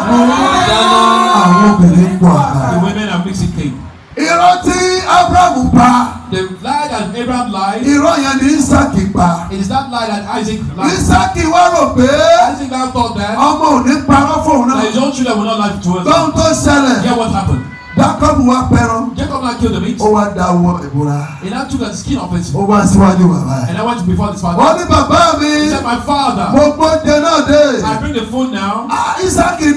àwọn obìnrin ń pọ̀ àkàrà. the women are mixing things. irọ́ tí Abraham pa. The lie that Abraham lied. Irọ́ yẹn ni Isaac pa. It is that lie that Isaac lied. Isaac wá rò pé. Isaac now thought that. Ọmọ ò ní parọ́ fóun náà. That his children will not lie to him. Lóhun tó ṣẹlẹ̀. Hear what happened. Jacob wá pẹran. Jacob na kill the meat. Ó wá da owó ìbúra. He now took the skin off it. Ó wá síwájú bàbá rẹ̀. And I went before his father. Wọ́n ní Baba mi. He said my father. Mo gbóúnjẹ náà dé. I bring the phone now. Isaac ní.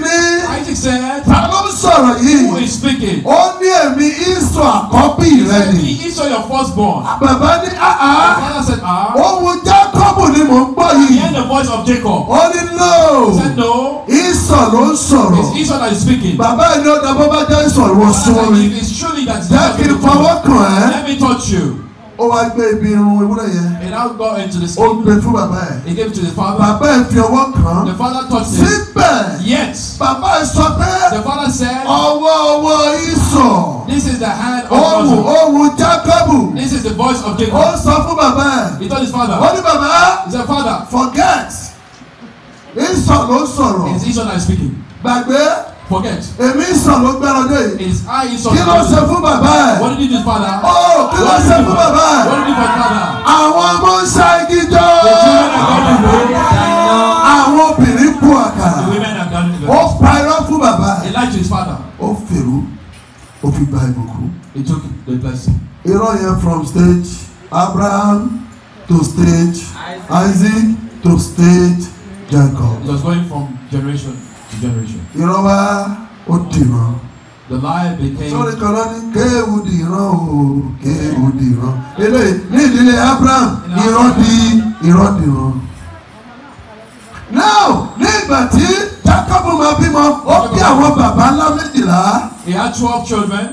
Isaac said. Ta ló ń sọ̀rọ̀ yìí? Who is speaking? Ó ní èmi Ísọ àkọ́bí rẹ ni. He said Ísọ your first born. Bàbá ah. àá. The father said àá. Ohun Jacob ni mò ń gbọ́ yìí. He heard the voice of Jacob. Ó ní no. He said no. Ísọ ló ń sọ̀rọ̀. It's Ísọ that is speaking. Bàbá ìlú ọ̀dà bọ́ bá jẹ́ sọ̀rọ̀ wọ sórí. it that the one. jẹ́ fọwọ́ kàn ẹ́. let me touch you. ó wá gbé ibi irun ewúrẹ́ yẹn. he now go into the skin. ó gbé fún bàbá ẹ̀. he gave to the father. bàbá ẹ̀ fi ọwọ́ kàn the father touched him. síbẹ̀. yet. bàbá ẹ̀ sọ pé. the father said. ọwọ́ ọwọ́ ìsọ̀. this is the hand of God. ohùn ohùn Jákọ́bù. this is the voice of Jacob. ó sọ fún bàbá ẹ̀. he told his father. ó ní bàbá. he said father. forget. ìsọ̀ ló ń sọ̀rọ̀. it is ìsọ̀ that is speaking. gbàgbé forget. èmi sàn ló gbẹ́rọ dé. it's I he kí ló ṣe fún bàbá ẹ̀. what did he do father. oh kí ló ṣe fún bàbá ẹ̀. what did he do father. àwọn ọmọ ń ṣa igi jọ. the children are gone to go. àwọn obìnrin kú àkàrà. the women to go. ó pa irọ́ fún bàbá ẹ̀. he lied to his father. ó fèrú ó fi gba ìbùkún. he took the blessing. irọ́ yẹn from stage Abraham to stage Isaac, Isaac to stage Jacob. he was going from generation generation. Ìran wa ó dìran. The lie became. Sọ́ni kan ní kéwù dìran o, kéwù dìran. Eléyìí ní ìdílé Abraham ìran di ìran dìran. Now ní ìgbà tí Jacob máa bímọ, ó bí àwọn bàbá ńlá méjìlá. He had twelve children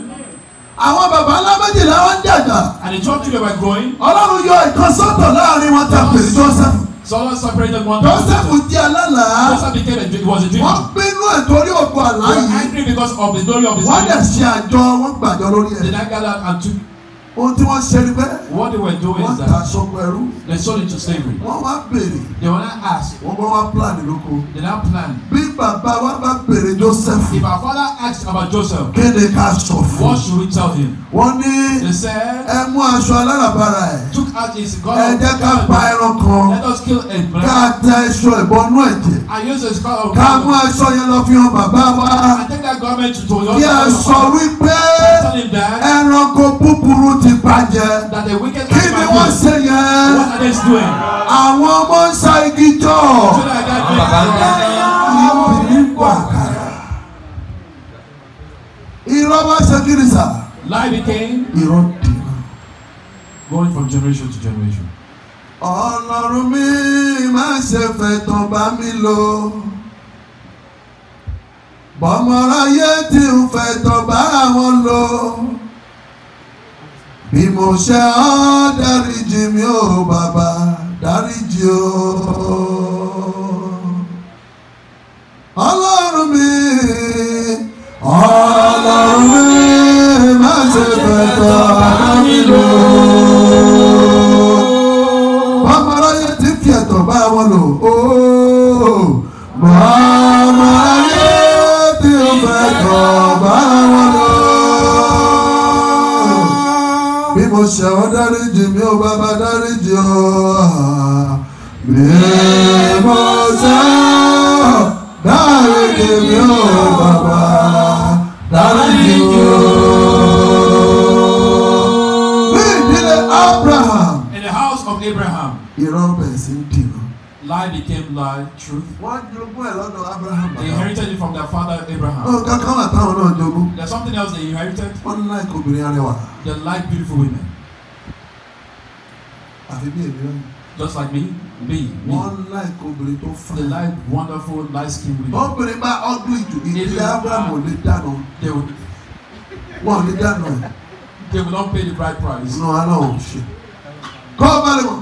àwọn baba ńlá méjìlá wọn dàgbà. and the twelve children were growing. ọlọ́run yọ ìkan sọ́tọ̀ láàrin wọn tàbí joseph. Solomon separated one. Joseph di alálàá. Joseph became a was a dream. Wọ́n bínú ẹ̀ torí òkú àlá yìí. They were angry because of the glory of his dream. Wọ́n dẹ̀ ṣe àjọ wọ́n gbàjọ lórí ẹ̀. They now gathered and took ohun tí wọ́n ṣe ni pé. what they were doing is that. wọ́n ta sọ́kọ ẹrú. they sold into slavery. wọ́n wá béèrè. they were not asked. wọ́n bọ́ wá plan lóko. they now plan. bí bàbá wa bá béèrè Joseph. if our father asked about Joseph. kéde ká sọ fún. what should we tell him. wọ́n ní. they said. ẹ mú aṣọ alárabàrà ẹ̀. took out his gun. ẹ jẹ́ ká pa ẹran kan. let us kill a bird. ká tẹ aṣọ ìbọnú ẹ̀jẹ̀. and use his color of. ká mú aṣọ yẹn lọ fi hàn bàbá wa. and take that garment to your. kí a wípé búburú ti bàjẹ́. kí ni wọ́n ṣe yẹn. àwọn ọmọ ń sa igi jọ. ìbílí ń bọ̀ àkàrà. irọ́ bá ṣe kiri sà. Going from generation to generation. Ọlọ́run mi máa ṣe fẹ̀tàn bá mi lò bọ́mọ̀ráyé tí ń fẹ̀tàn bá àwọn lò bí mo ṣe ọ́ dáríjì mi ò bàbá dáríjì o. ọlọ́run mi ọlọ́run mi má ṣe fẹ̀tọ́ ara mi lò. bọ́mọ aráyé ti fi ẹ̀tọ́ bá wọn lò ó. ṣẹ̀ ọ́ dáríjì mi ò bàbá dáríjì ọ́ mi mo ṣẹ̀ ọ́ mi ò bàbá dáríjì ọ́. ní ìdílé Abraham. in the house of Abraham. irọ́ bẹ̀rẹ̀ sí ń dìbò. Lie became lie, truth. Wọ́n jogún ẹ̀ lọ́dọ̀ Abraham. They inherited it from their father Abraham. Ó kankan wà táwọn náà jogún. There's something else they inherited. Wọ́n like obìnrin arẹwà. They like beautiful women àfi bí èmi náà. just like me me me. wọ́n like obìnrin tó fà. they like wonderful light skin women. obìnrin bá ọdún ìjù ìdílé abrahamu lè dànù. wọ́n lè dànù they will not pay the bride price. No, I ò ṣe. kọ́ balẹ̀ mọ́.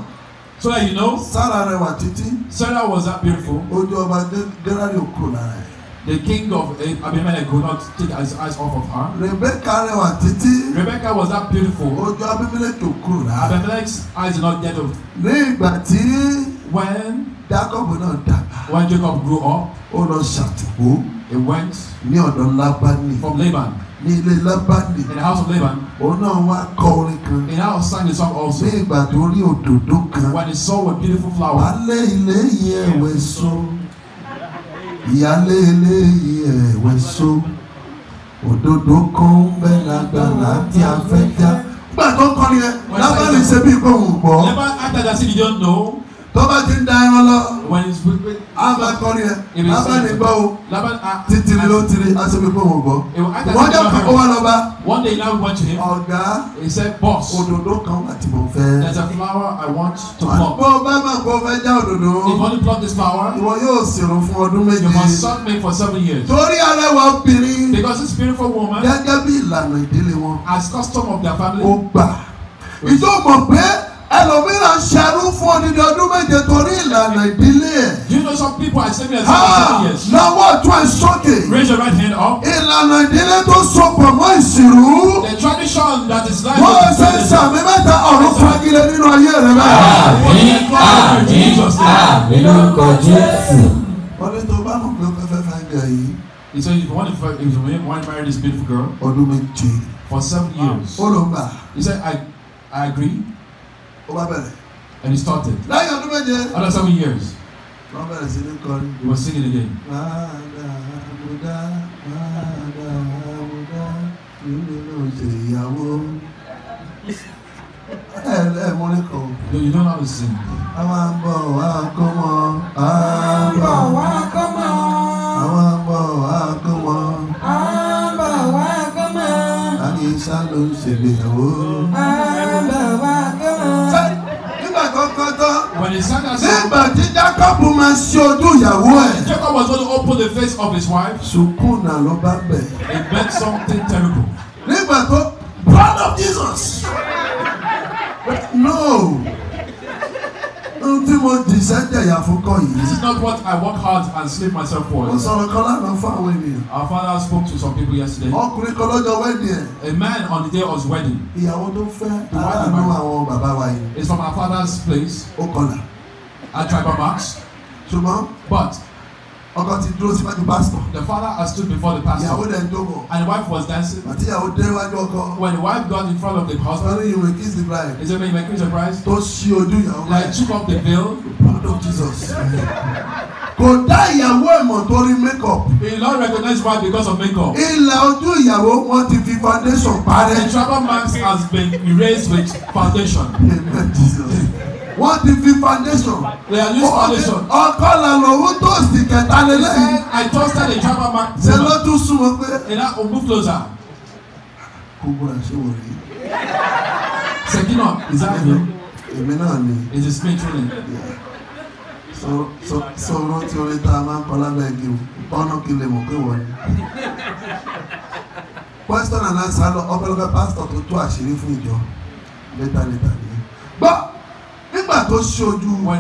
so that you know. Sarah rẹwà títí. Sarah was that beautiful. ojú ọba Gerari ò kúrò lára ẹ̀. The king of Abimelech could not take his eyes off of her. Rebecca rẹwà títí. Rebecca was that beautiful. Ojú Abimelech tó kúrò rà. Abimelech's eyes did not get off. Ní ìgbà tí. When. Jacob náà dàgbà. When Jacob grew up. Ó lọ ṣàtúgbò. He went. Ní ọ̀dọ̀ Lábánì. From Laban. Ní ilé Lábánì. In the house of Laban. Òun náà wá kọ orin kan. He now sang the song also. Ní ìgbà tó rí òdòdó kan. When he saw a beautiful flower. Alẹ́ ilé yẹn wẹ̀ sọ ìyálé eléyìí ẹ̀wẹ̀ so òdodo kan ń bẹ lágbàlá tí a fẹ́ já. gbàgbọ́ kọ́ni ẹ lábàlì ṣe bí kò wù gbọ́. never ask that as if you don't know tọ́ba ti ń da ẹran lọ. àbá kọrin ẹ àbá lè gbọ́ o títí ah, ah, ló tiri asopi kò wọ́n gbọ́. wọ́n jẹ́ fún wa lọ́ba. one day now watch him. ọ̀gá òdòdó kan wà tí fẹ́. there's a flower I want to pluck. bó o bá máa kó fẹ́ já òdòdó. if only pluck this flower. ìwọ yóò sìnrùn fún ọdún méje. you must serve me for seven years. torí arẹwà obìnrin. because this beautiful woman. gẹ́gẹ́ bí ìlànà ìdílé wọn. as custom of their family. ó gbà. ìjọ mọ̀ pé ẹlòmíràn ṣẹrú fún odidi ọdún méje torí ìlànà ìdílé ẹ. you know some people are saving as ah, years. lọ́wọ́ ọ̀tún ẹ̀ sókè. raise your right hand up. ìlànà ìdílé tó so pọ̀ mọ́ ìsìrú. the tradition that is life. bó o ṣe ń sàmì mẹ́ta ọ̀run fagilé nínú ayé rẹ báyìí. àmín àmín àmín lórúkọ Jésù. wọ́n lè tó bá mọ̀ pé ó fẹ́ fẹ́ fẹ́ he said if you want to if you want to marry this beautiful girl. ọdún méje. for seven years. ó ló gbà. he said I I agree and he started. lẹ́yìn ọdún after seven years. he was singing again. Bàdà no you don't know how to sing. a máa ń bọ̀ wá kó mọ́. a máa ń bọ̀ wá kó mọ́. kankan. nígbà tí Jacob máa ṣe ojú ìyàwó ẹ̀. Jacob was going to open the face of his wife. sùkúù náà ló bá bẹ̀. he meant something terrible. nígbà tó blood of Jesus. no tí mo dìṣẹ́ jẹ̀yà fún kọ́ yìí. This is not what I work hard and save myself for. Mo sọ̀rọ̀ kan lánàá fún àwọn ènìyàn. Our father spoke to some people yesterday. Ọkùnrin kan lọ́jọ́ wedding A man on the day of his wedding. Ìyàwó tó fẹ́ aláàánú àwọn bàbá wa yìí. It's from our father's place. Ó kọlà. At tribal marks. Ṣùgbọ́n. But ọkọ ti dúró síwájú pastor. the father had stood before the pastor. ìyàwó dẹ̀ ń dógò. and the wife was dancing. àti ìyàwó dé iwájú ọkọ. when the wife got in front of the husband. wọ́n ní ìwé kiss the bride. he said may you may kiss the tó ṣí ojú ìyàwó rẹ̀. like took off the veil. blood of Jesus. kò dá ìyàwó ẹ̀mọ̀ torí make up. he not recognize wife because of make up. ìlà ojú ìyàwó wọn ti fi foundation parẹ́. the travel marks has been erased with foundation. amen Jesus wọ́n ti fi foundation. they are using foundation. ọkọ lànà owó tó sì kẹta lélẹ́yìn. I trusted a German man. ṣe ló tún sún wọn pé. ìlà ògùn closer. kó bóra ṣé wò rí. ṣèkínà is that me. èmi náà ni. it is me truly. so tí orí tá a máa ń kọ́ lábẹ́ igi ọ̀nà kí lè mọ̀ pé wọ́n ni. question and answer lọ ọpẹ́lọpẹ́ pásítọ̀ tó tú àṣírí fún ìjọ létà létà nígbà tó ṣojú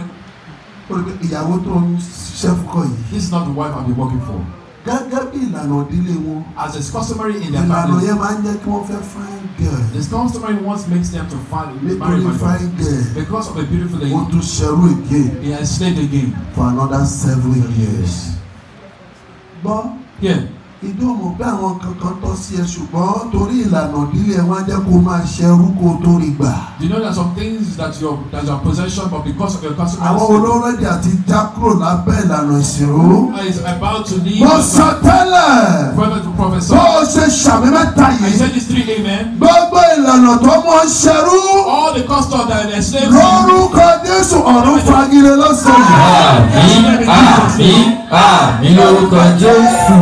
ìyàwó tó ń ṣiṣẹ́ fúkọ yìí. this is not the wife i been working for. gẹ́gẹ́ bí ìlànà ìdílé wọn. as is customary in their family. ìlànà yẹn máa ń jẹ́ kí wọ́n fẹ́ fine girl. the customary ones makes them to find a very fine girl. because of a beautiful lady. wọ́n tún ṣerú again. he has stayed again. for another seven years. gbọ́. yeah ìdóòmù pé àwọn kankan tọ́ sí ẹ ṣùgbọ́n torí ìlànà ìdílé ẹ wọ́n á jẹ́ kó máa ṣe orúkọ tó rí gbà. you know that some things that your that your possession but because of your personal. àwọn olórẹ́dì àti jákúrò lábẹ́ ìlànà ìṣirò. is about to leave. mo sọ tẹ́lẹ̀. prophet to professor. bó o ṣe ṣàmì mẹ́ta yìí. I said this three amen. gbogbo ìlànà tó mọ ń ṣerú. all the cost of that are slaves. lórúkọ Jésù ọ̀run fagilé lọ́sẹ̀ yìí. àmín àmín àmín lórúkọ Jésù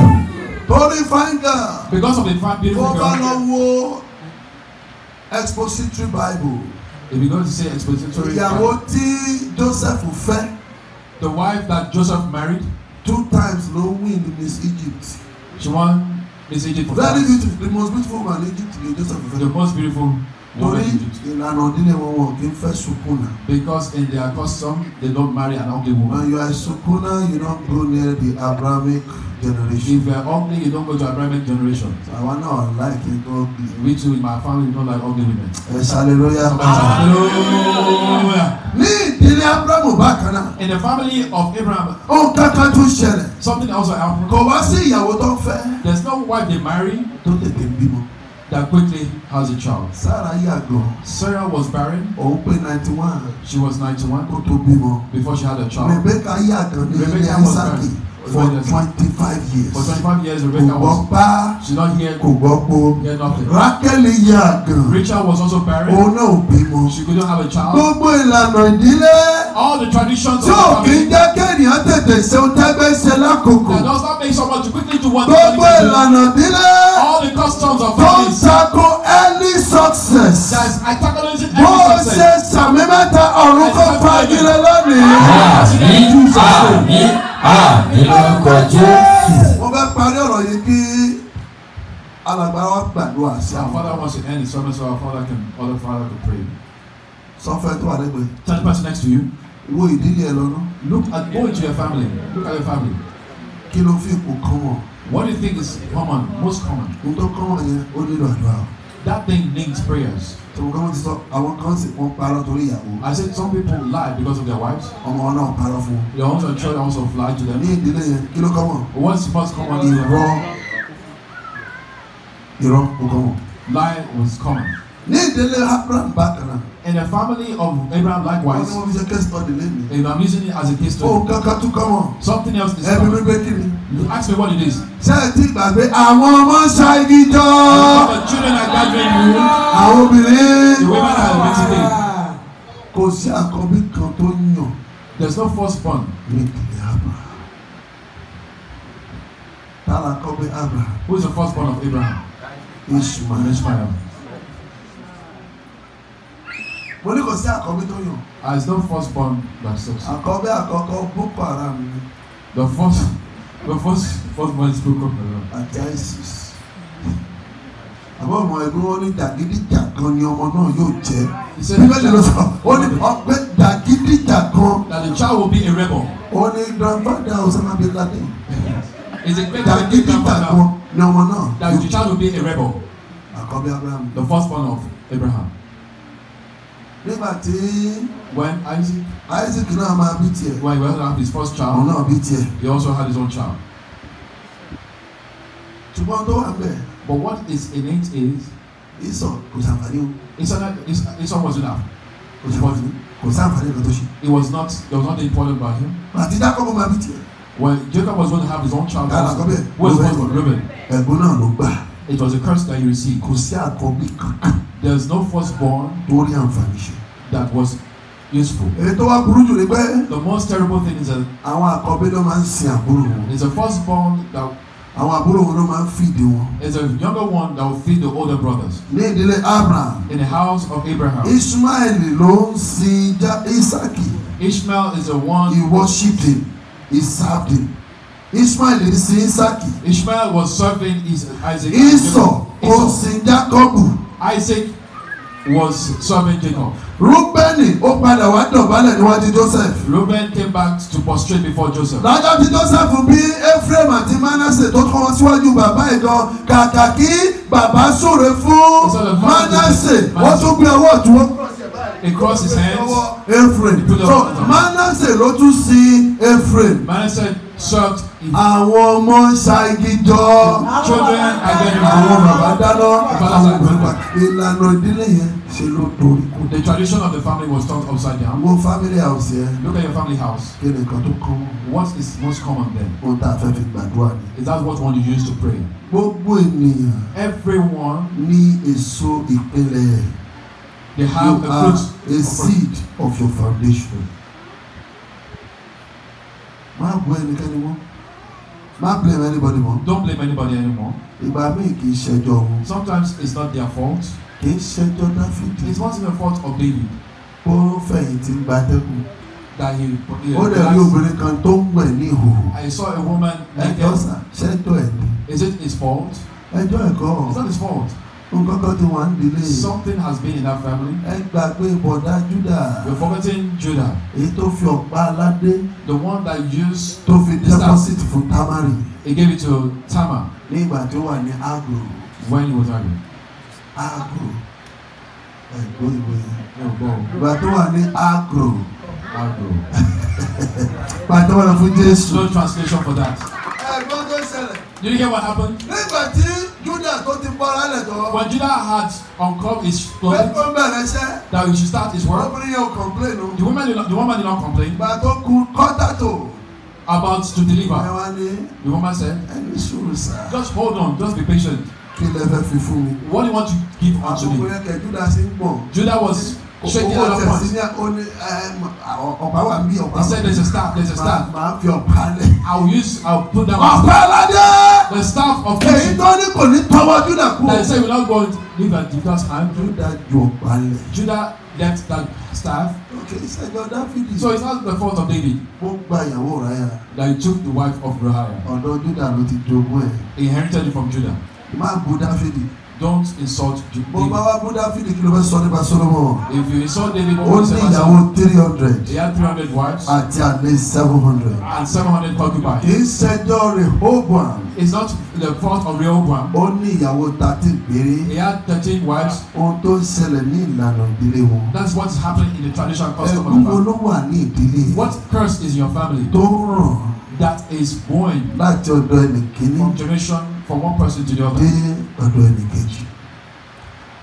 torí fáńgà. because of the fact that. wọ́n bá lọ wo expository bible. if you go to say expository. ìyàwó tí Joseph fẹ́. the wife that Joseph married. two times no wind in Miss Egypt. she won Miss Egypt for. very beautiful the most beautiful woman in Egypt Joseph fẹ́. the most beautiful torí ìlànà ìdílé wọn wọn kì í fẹ́ sunkún because in their custom they don't marry an ugly woman. when you are sukuna you don grow near the Abrahamic generation. if you are ugly you don go to Abrahamic generation. àwa náà like it don be. we too in my family no like ugly women. yes hallelujah. hallelujah. ní ìdílé Abrahamu bákan náà. in the family of Abraham. ohun kankan tún ṣẹlẹ̀. something else happened. kò wá sí ìyàwó tó ń fẹ́. there is no wife they marry. tó tètè bímọ. that quickly has a child. Sarah yàgò. Sarah was barren. Open oh, ninety one. She was ninety Before she had a child. Rebecca yàgò Rebecca was barren. for twenty five years. for twenty five years Rebecca was. kò gbọ́ pa. she not hear. kò gbọ́ po. hear nothing. Rákẹ́lì yà Rachel was also barren. òun náà ò bímọ. she couldn't have a child. gbogbo ìlànà ìdílé. all the traditions of the family. tí òfin jẹ́ kéèyàn tètè ṣe ohun tẹ́gbẹ́ ṣe lákòókò. that does not make someone to quickly do what they want to do. gbogbo ìlànà ìdílé. all the customs of families. tó ń sako any success. that is antagonism any success. bó ṣe sàmì mẹ́ta ọ̀run kò fagilé lónìí. àmì àmì àmì lórúkọ Jésù. mo bá parí ọ̀rọ̀ yìí kí alàgbà wa gbàdúrà sí àwọn. our father wants to end his service so our father can other father to pray. sọfẹ tó wà lẹ́gbẹ̀ẹ́. third person next to you. wo ìdílé ẹ lọ́nà. look at go into your family look at your family. kí ló fi ipò kan wọn. what do you think is common most common. ohun tó kọ́ wọn yẹn ó nílò àdúrà. That thing needs prayers. Tòun kan ti sọ àwọn kan I said some people lie because of their wives. Ọmọ wọn náà parọ́ fún. Your own children also lie to them. Ní ìdílé yẹn kí ló kọ́mọ̀? What's first common? Irọ́ irọ́ kò kọ́mọ̀. Lie was common ní ìdílé abraham bákan náà. in the family of Abraham likewise. wọ́n ní wọ́n fi ṣe case study lẹ́nu. if I'm using it as a case study. ohun kankan tún kọ́ wọn. something else is coming. ẹbí mi pé kí ni. you ask me what it is. ṣé ẹ ti gbàgbé àwọn ọmọ ṣáájú jọ. children are gathering you. àwọn obìnrin. the women are meeting me. kò sí àkọ́bí kan tó yàn. there is no first born. ní ìdílé Abraham. tààrà àkọ́bí Abraham. who is the first born of Abraham? Ishmael. Ishmael mo ní kò sí àkọ́bí tó yàn. as ah, no first born by source. àkọ́bí àkọ́kọ́ boko haram ni. the first the first first born is boko haram. àti isis. àbọ̀ ọmọ ẹgbẹ́ wọn ní dàgídíjà kan ni ọmọ náà yóò jẹ́. bíbélì ló sọ ó ní ọgbẹ́ dàgídíjà kan. that the child will be a rebel. ó ní grandfather Osama bin Laden. is a great dàgídíjà kan ni ọmọ náà. that the child will be a rebel. àkọ́bí Abraham. the first born of Abraham nígbà tí when Isaac Isaac náà máa bí tiẹ̀ when he went to have his first child òun náà bí tiẹ̀ he also had his own child. ṣùgbọ́n tó wà bẹ́ẹ̀. but what is in it is. Esau kò sàǹfààní o. Esau was enough. kò sàǹfààní kò sàǹfààní kan tó ṣe. it was not there was not important about him. àti dákọ̀ọ́ máa bí tiẹ̀. when Jacob was going to have his own child. kàlà kọ́ bẹ́ẹ̀ who is born Reuben. ẹ̀gbọ́n náà ló gbà. it was a curse that he received. kò sí àkọ́bí kankan. there is no firstborn. tó rí àǹfààní ṣe that was useful. èyí tó burú jù ni pé. the most terrible thing is that. àwọn àkọ́bí ló máa ń sin àbúrò wọn. it's the first born that. àwọn àbúrò wọn ló máa ń feed wọn. it's the younger one that will feed the older brothers. ní ìdílé Abraham. in the house of Abraham. Ishmael ló ń sin Isaki. Ishmael is the one. he worshipped him he served him. Ishmael ń sin Isaki. Ishmael was serving Isaac. Esau kò sin Jacob. Isaac was serving Jacob. Rúbẹ́nì ó padà wá dọ̀bálẹ̀ níwájú Joseph. Reuben came back to prostrate before Joseph. Lọ́jọ́ tí Joseph bí Ephraim àti Manasseh tó kọ́ wọn síwájú bàbá ìdán kàkà kí bàbá súre fún Manasseh wọ́n tún gbé ọwọ́ ọ̀tún he crossed his hands. Ephraim. So Manasseh ló tún sí Ephraim. Manasseh sought it. Àwọn ọmọ ń ṣagijọ́. Children are Àwọn bàbá dáná. Àwọn bàbá ìlànà ìdílé yẹn ṣe ló torí The tradition of the family was turned upside down. Wo family house yẹn. Look at your family house. Kí ni nǹkan tó common? What is most common then? Ohun tá fẹ́ fi gbàdúrà ni. Is that what one you use to pray? Gbogbo ènìyàn. Everyone. Ní èso ìpínlẹ̀. They have a fruit. You are a seed of your foundation bú ẹnikẹ́ni mọ́ má blame anybody mọ́. don't blame anybody anymore. ìgbà míì kì í ṣẹjọ́ wọn. sometimes it's not their fault. kì í ṣẹjọ́ dáfídì. it's not even fault of David. ó fẹ̀yìntì ń gbatẹ́kùn ó dẹ̀ rí obìnrin kan tó ń wẹ̀ ní ìhòòhò. I saw a woman ẹjọ́ sà ṣẹ́jọ́ ẹ̀ ni. is it his fault? ẹjọ́ ẹ̀ it's not his fault nǹkan ti wà ń something has been in that family. ẹ gbàgbé bọ̀dá Júdà. you are forgetting Judah. èyí tó fi ọ̀pá aládé. the one that used. tó fi deposit for Tamari. he gave it to Tama. ní ìgbà tó wà ní Agro. when he was Agro. Agro. ẹ̀gbọ́n ìwé. ìgbà tó wà ní Agro. Agro. pàtó wọn fún Jésù. no translation for that. ẹ̀gbọ́n tó ṣẹlẹ̀. do you hear what happened? nígbà tí. Judas tó ti bọ́ra lẹ̀ tọ́. When Judas had uncovered his closet. Bẹ́ẹ̀ fún bẹ̀rẹ̀ iṣẹ́. That we should start his work. Obìnrin yóò complain o. The woman did not, the woman did not complain. Gbà tó ku kọ́tà tó. About to deliver. Ẹ wá ní. The woman said. Ẹni sùúrù sá. Just hold on, just be patient. Kí lè fẹ́ fi fún mi? What do you want to give unto me? Àkókò yẹn kẹ́ Judas ń bọ̀. Judas was sọ́jà ọ̀pá sẹ́ni ọ̀nẹ́ ọ̀pá wà mí ọ̀pá. he said there is a staff there is a staff. màá fi ọ̀pá lẹ̀. I will use I will put down. ọ̀pá aládé. the staff of the. èyí tó ní kò ní tọwọ́ Judah kú. they say we no go leave at Judah's hand. Judah ju ọ̀pá lẹ̀. Judah left that staff. okay he said your dad fit so it's not the fault of David. ó gba ìyàwó Raya. that he took the wife of Raya. ọ̀dọ̀ Judah ló ti jogún ẹ̀. he inherited it from Judah. má bú Dáfídì don't insult the people. bó bá wá bú dáfídì sọ nípa solomon. if you insult the david ó ní ìyàwó three hundred. he had three hundred wives. àti àlè seven hundred. and seven hundred concubines. kì í ṣẹjọ́ rehoboam. it's not the fault of rehoboam. ó ní ìyàwó thirteen péré. he had thirteen wives. ohun tó ń ṣẹlẹ̀ ní ìlànà ìdílé wọn. that's what's happening in the traditional custom of the family. ẹ̀gbọ́n ló wà ní ìdílé. what curse is your family. tó ń ràn. that is born. láti ọ̀dọ̀ ẹnì kìíní. from generation from one person to the other. dé ọ̀dọ̀ ẹnìkejì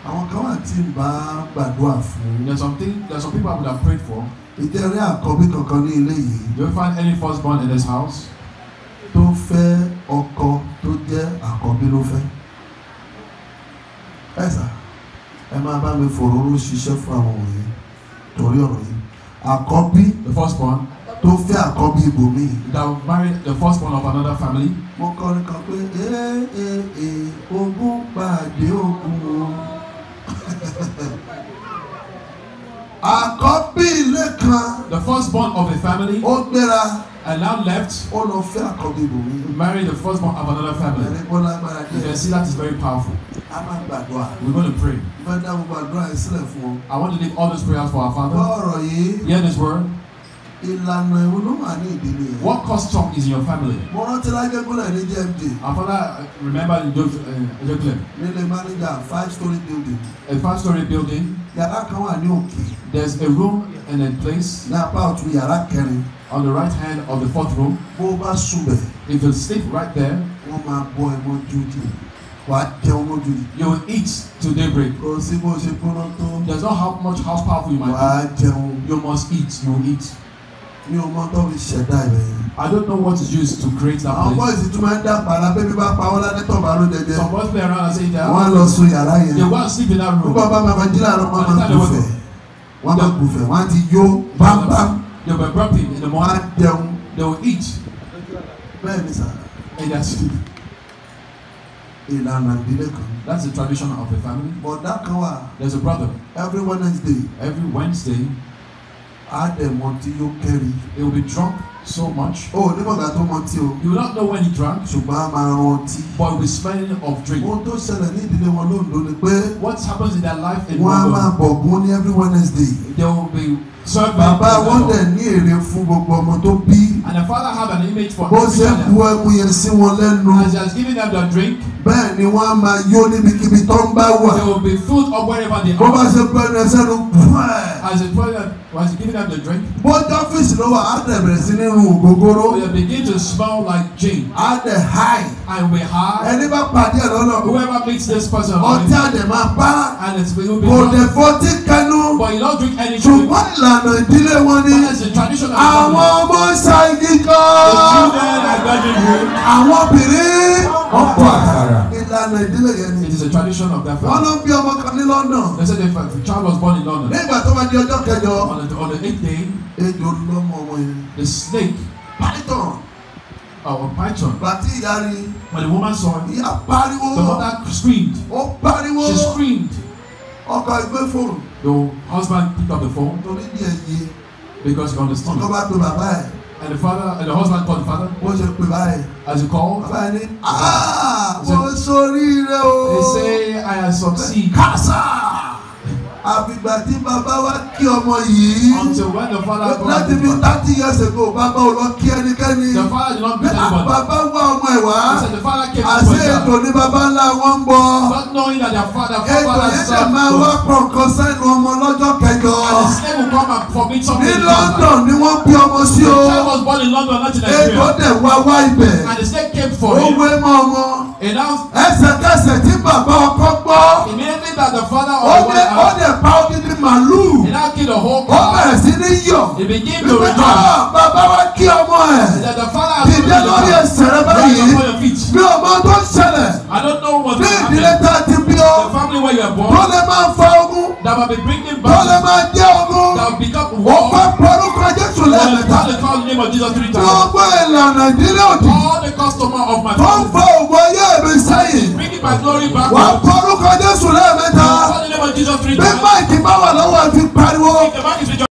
àwọn kan wà tí n bá gbàdúrà fún. there some things there some people I would have prayed for. ìtẹ̀rẹ́ àkọ́bí kankan ní ilé yìí. do you find any first born in this house? tó fẹ́ ọkọ tó jẹ́ àkọ́bí ló fẹ́. ẹ sà ẹ máa bá mi fòróró ṣiṣẹ́ fún àwọn òye torí ọ̀rọ̀ yìí àkọ́bí. the first born tó fẹ́ àkọ́bí ibòmí. that will marry the first born of another family. mo kọrin kan pé ee ee ogún pàdé ogun o. àkọ́bí ilé kan. the first born of a family. ó gbéra. and now left. ó lọ fẹ́ àkọ́bí ibòmí. marry the first born of another family. ẹ̀rín bọ́lá agbára jẹ́. you can see that is very powerful. a máa gbàdúrà. we go to pray. ìfẹ́ dáhùn gbàdúrà yìí fún ọ. I want to leave all these prayers for our father. gbọ́ yìí. hear this word ìlànà ìwọ ló ìdílé what custom is in your family. mo rántí lájẹ́ gbọ́dọ̀ ní jfd. àfọlá uh, remember the joke joke claim. nílé manager five story building. a five story building. yàrá kan wà ní òkè. there is a room and a place. ní apá ọ̀tún yàrá kẹrin. on the right hand of the fourth room. bó o bá sùn if you sleep right there. wọ́n máa bọ́ ẹ mọ́ jújù wà á jẹun lójú ni. you will eat till Break. kò sí bó ṣe kúrò tó. there is not how much house power. you might be. wà á jẹun. you must eat you will eat mi ò mọ tó fi ṣẹ̀dá rẹ̀. I don't know what is used to create that place. Àwọn bọ́ọ̀sì tún máa ń dá para bẹ́ẹ̀ bí bá pa wọ́n ládé tó máa ló dẹ́dẹ́. Some boys play around and say they are. Wọ́n lọ sun yàrá yẹn. They go sleep in that room. Bíbá bá máa fa jí láàárọ̀ máa máa gbùfẹ̀. Wọ́n máa gbùfẹ̀ wọ́n á ti yó bámbám. They were rapping in the morning. Wọ́n á dẹun. They will eat. Bẹ́ẹ̀ ni sà. And they are Ìlànà ìdílé kan. That's the tradition of a family. Bọ̀dá kan wà. There's a brother. Every Wednesday. Every Wednesday. Add them tí yóò kẹ́rì. they will be drunk so much. o nígbàgbà tó mọ tí o. you will not know when he drank. ṣùgbọ́n a máa rán ọtí. but he will smelling of drink. ohun what happens in their life in London. wọ́n they will be bàbá wọn dẹ̀ ní èrè fún gbogbo ọmọ tó bí. and the father had an image for every child. bó ṣe bu ẹmu yẹn sí wọn lẹ́nu. as he has given them their drink. bẹ́ẹ̀ ni wọ́n á máa yó níbikíbi tó ń bá wà. will be filled up wherever they bó bá ṣe bu ẹnu ẹsẹ̀ nu pẹ́ẹ́. as the was giving them the drink. bó dọ́fíìsì ló wà á dẹ̀ bẹ̀rẹ̀ sí ní rùn ògógóró. begin to smell like gin. á dẹ̀ high. and we high. ẹni bá pàdé ẹ̀ lọ́nà. whoever meets this person. ọtí àdè máa bá. and it's been. kò dẹ̀ fọtí kẹnu. but you don't drink any ṣùgbọ́n ìlànà ìlànà ìdílé wọn ni àwọn ọmọ sa kan àwọn obìnrin ọ̀pọ̀ àkàrà ìlànà ìdílé yẹn ni. it is a bí ọmọ kan ní London. nígbà tó máa di ọjọ́ kẹjọ. on the eighth day. ejò lọ́mọ ọmọ yẹn. the snake. python our python. But the woman saw him. Ìyá The mother screamed. Ó She screamed ọkọ ìgbé fóònù. the husband picked up the phone. torí ní ẹyẹ. because you understand. ọkọ bá pe bàbá ẹ. and the father and the husband called the father. wọ́n ṣe pè báyìí. as he called. bàbá yẹn ní. ah mo sọ rí o. they say I have succeed. kásá àfìgbà tí bàbá wa kí ọmọ yìí. until when the láti fi thirty years ago bàbá ò lọ kí ẹnikẹ́ni. father did not meet anybody. bàbá wá ọmọ ẹ̀ wá. he said to my house. àṣé ètò ní bàbá ńlá wọn ń not knowing that their father father served. ètò yẹn ṣe máa wá pọ̀ nǹkan sẹ́nu ọmọ lọ́jọ́ kẹjọ. will come and permit something. ní London ni wọ́n bí ọmọ sí o. the child was born in London not Nigeria. ètò dẹ̀ wá wá ibẹ̀. and the state came for him. ó wé mọ́ ọmọ. ẹsẹ̀kẹsẹ̀ tí bàbá ọkọ gbọ́. immediately that the father of the ó dẹ̀ pa ògidì màlúù. ó bẹ̀rẹ̀ sí ní yọ̀. ìgbẹ́ náà ah, bàbá wa kí ọmọ ẹ̀. ìdílé lórí ẹsẹ̀ rẹ báyìí. bí ọmọ tó ń ṣẹlẹ̀. bí ìdílé tá a ti bí ọ. tó lè máa fa ogun. tó lè máa jẹ́ ogun. ó fẹ́ pọ̀rọ̀ kan Jésù lẹ́ẹ̀mẹ́ta. gbogbo ìlànà ìdílé òdì. tó ń fa ògùn ayé mi sẹ́yìn. wọ́n pọ̀rọ̀ kan Jésù lẹ́ẹ̀mẹ́ta. bí bá ìtìpá wà lọ́wọ́ ti pariwo.